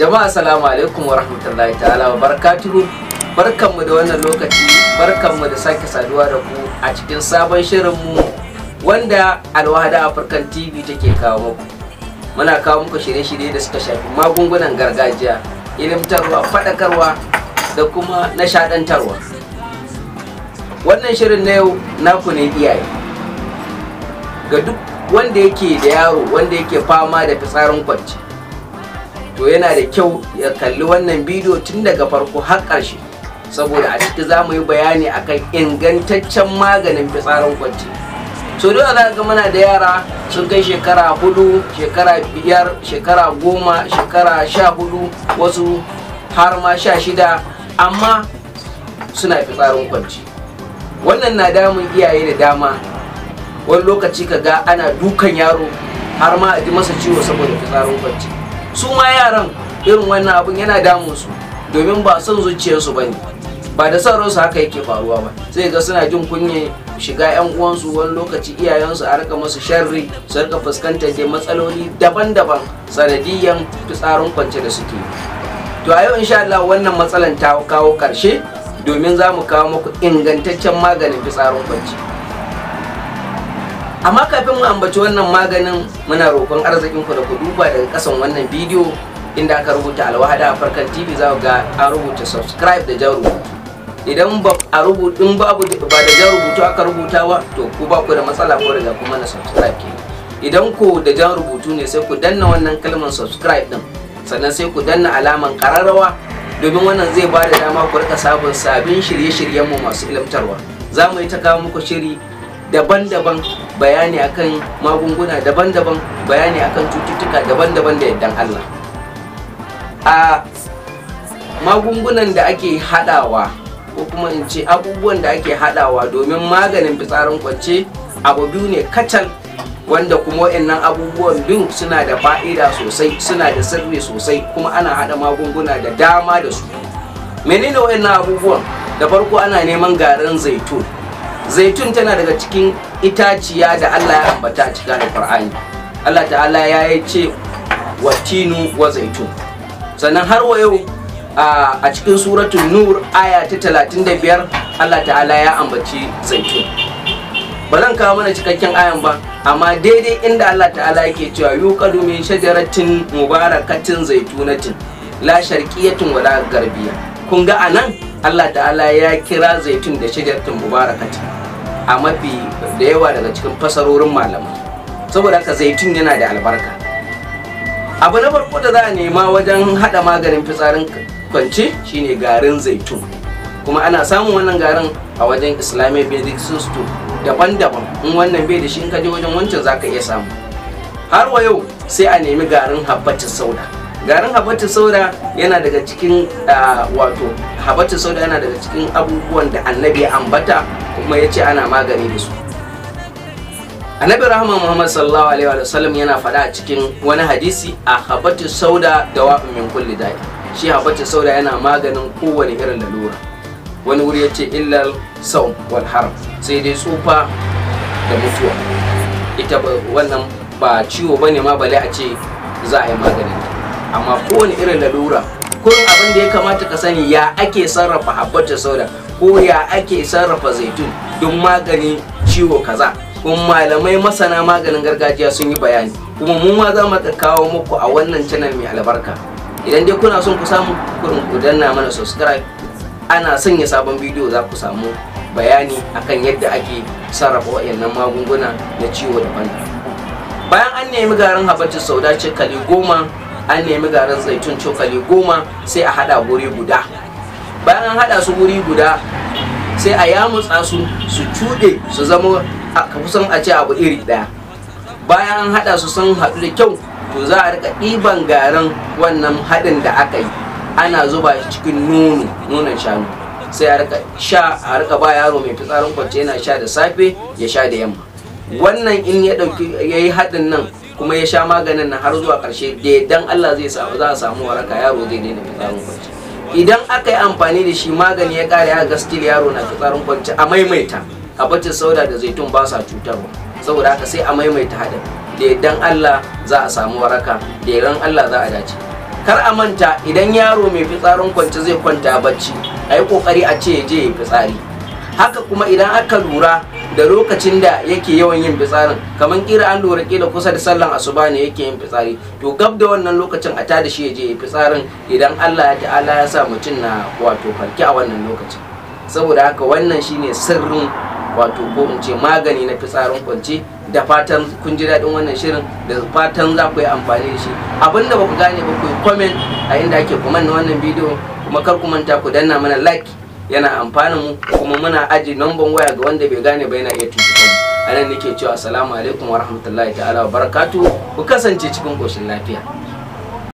jama'a assalamu alaikum wa rahmatullahi ta'ala wa barakatuhu barkanmu da wannan lokaci barkanmu da sake saduwa da ku a cikin sabon shirinmu wanda alwahada african tv take kawo muku muna kawo muku shirye-shirye da suka shafi magungunan gargajiya ilimtarwa faɗakarwa da kuma nishaɗantarwa wannan shirin na yau naku ne iyaye ga duk wanda yake da yaro wanda yake fama da fitsarin kwanci to yana da kyau ya kalli wannan bidiyo tun daga farko har ƙarshe saboda a ciki za mu yi bayani akan ingantaccen maganin fitsarin kwanci so da za ga muna da yara sun kai shekara hudu shekara biyar shekara goma shekara sha hudu wasu har ma sha shida amma suna fitsarin kwanci wannan na damun iyaye da dama wani lokaci ka ga ana dukan yaro har ma a ji masa ciwo saboda fitsarin kwanci su ma yaran irin wannan abun yana damun su domin ba son zuciyarsu bane ba da son ransu haka yake faruwa ba sai ga suna jin kunye shiga yan uwansu wani lokaci iyayensu a rika masu sharri su rika fuskantar da matsaloli daban-daban sanadiyan fitsarin kwance da suke to a yau insha Allah wannan matsalan ta kawo karshe domin za mu kawo muku ingantaccen maganin fitsarin kwance amma kafin mu ambaci wannan maganin muna roƙon arzikin ku da ku duba daga kasan wannan bidiyo inda aka rubuta alwahada a farkan tv za ga an rubuta subscribe da jan rubutu idan ba a rubutu in babu ba da jan rubutu aka rubuta ba to ku ba ku da matsala ko daga kuma na subscribe ke idan ku da jan rubutu ne sai ku danna wannan kalmar subscribe din sannan sai ku danna alaman ƙararrawa, domin wannan zai ba da dama ku rika sabon sabbin shirye-shiryen mu masu ilimtarwa za mu yi ta kawo muku shiri daban-daban bayani akan magunguna daban-daban bayani akan cututtuka daban-daban da yaddan Allah a magungunan da ake hadawa ko kuma in ce abubuwan da ake hadawa domin maganin fitsarin kwance abu biyu ne kacal wanda kuma waɗannan abubuwan biyu suna da fa'ida sosai suna da sirri sosai kuma ana hada magunguna da dama da su menene waɗannan abubuwan da farko ana neman garin zaitun zaitun tana daga cikin itaciya da Allah ya ambata a cikin Al-Qur'ani Allah ta'ala ya yi ce wa tinu wa zaitun sannan har wa yau a cikin suratul nur aya ta 35 Allah ta'ala ya ambaci zaitun ba zan kawo mana cikakken ayan ba amma daidai inda Allah ta'ala yake cewa yuqadu min shajaratin mubarakatin zaitunatin la sharqiyatin la garbiya kun ga anan Allah ta'ala ya kira zaitun da shajaratin mubarakatin a mafi da yawa daga cikin fasarorin malamai saboda haka zaitun yana da albarka abu na farko da za a nema wajen hada maganin fitsarin kwance shine garin zaitun kuma ana samun wannan garin a wajen islamic basic system daban-daban in wannan bai da shi in ka je wajen wancan zaka iya samu har wa yau sai a nemi garin habbatin sauda garin habbatin sauda yana daga cikin ah, wato habbatin sauda yana daga cikin abubuwan da annabi ya ambata kuma ya ce ana magani da su annabi rahama muhammad sallallahu alaihi wa sallam yana faɗa a cikin wani hadisi a habatu sauda da wa'in min kulli da'i shi habatu sauda yana maganin kowane irin lalura wani wuri ya ce illal sau wal haram sai dai tsufa da mutuwa ita wannan ba ciwo ba ne ma bale a ce za a yi maganin amma kowane irin lalura kurin abin da ya kamata ka sani ya ake sarrafa habatu sauda ko ake sarrafa zaitun don maganin ciwo kaza kuma malamai masana maganin gargajiya sun yi bayani kuma mu ma za mu kawo muku a wannan channel mai albarka idan dai kuna son ku samu kurin ku danna mana subscribe ana sanya sabon bidiyo za ku samu bayani akan yadda ake sarrafa wayannan magunguna na ciwo daban bayan an nemi garin habatus sauda kali goma an nemi garin zaitun cokali goma sai a hada guri guda bayan an haɗa su wuri guda sai a yamutsa su su cuɗe su zama ka kusan a ce abu iri ɗaya bayan an haɗa su sun haɗu da kyau to za a rika ɗiban garin wannan haɗin da aka yi ana zuba shi cikin nono nonon shanu sai a rika sha a rika ba yaro mai fitsarin kwance yana sha da safe ya sha da yamma wannan in ya ɗauki ya yi haɗin nan kuma ya sha maganin nan har zuwa ƙarshe da dan Allah zai samu za a samu waraka yaro zai daina fitsarin kwance idan aka yi amfani da shi magani ya kare a still yaro na tsarin kwanci a maimaita a bacin sauda da zaitun ba sa cutarwa saboda haka sai a maimaita hada, da yardan Allah za a samu waraka da yardan Allah za a dace kar a manta idan yaro mai fitsarin kwanci zai kwanta bacci a yi kokari a ce ya je ya fitsari haka kuma idan aka lura da lokacin da yake yawan yin fitsarin kamar kira an lura kila kusa da sallan asuba ne yake yin fitsari to gab da wannan lokacin a tada shi ya je fitsarin idan Allah ya ta'ala ya sa mutum na wato farki a wannan lokacin saboda haka wannan shine sirrin wato ko in ce magani na fitsarin kwance da fatan kun ji daɗin wannan shirin da fatan za ku yi amfani da shi abinda ba ku gane ba ku yi comment a inda ake kuma wannan bidiyo kuma kar ku manta ku danna mana like yana amfana mu kuma muna aji namban waya ga wanda bai gane ba yana iya tuntuɓa mu anan nake cewa assalamu alaikum wa rahmatullahi ta'ala wa barakatuhu ku kasance cikin koshin lafiya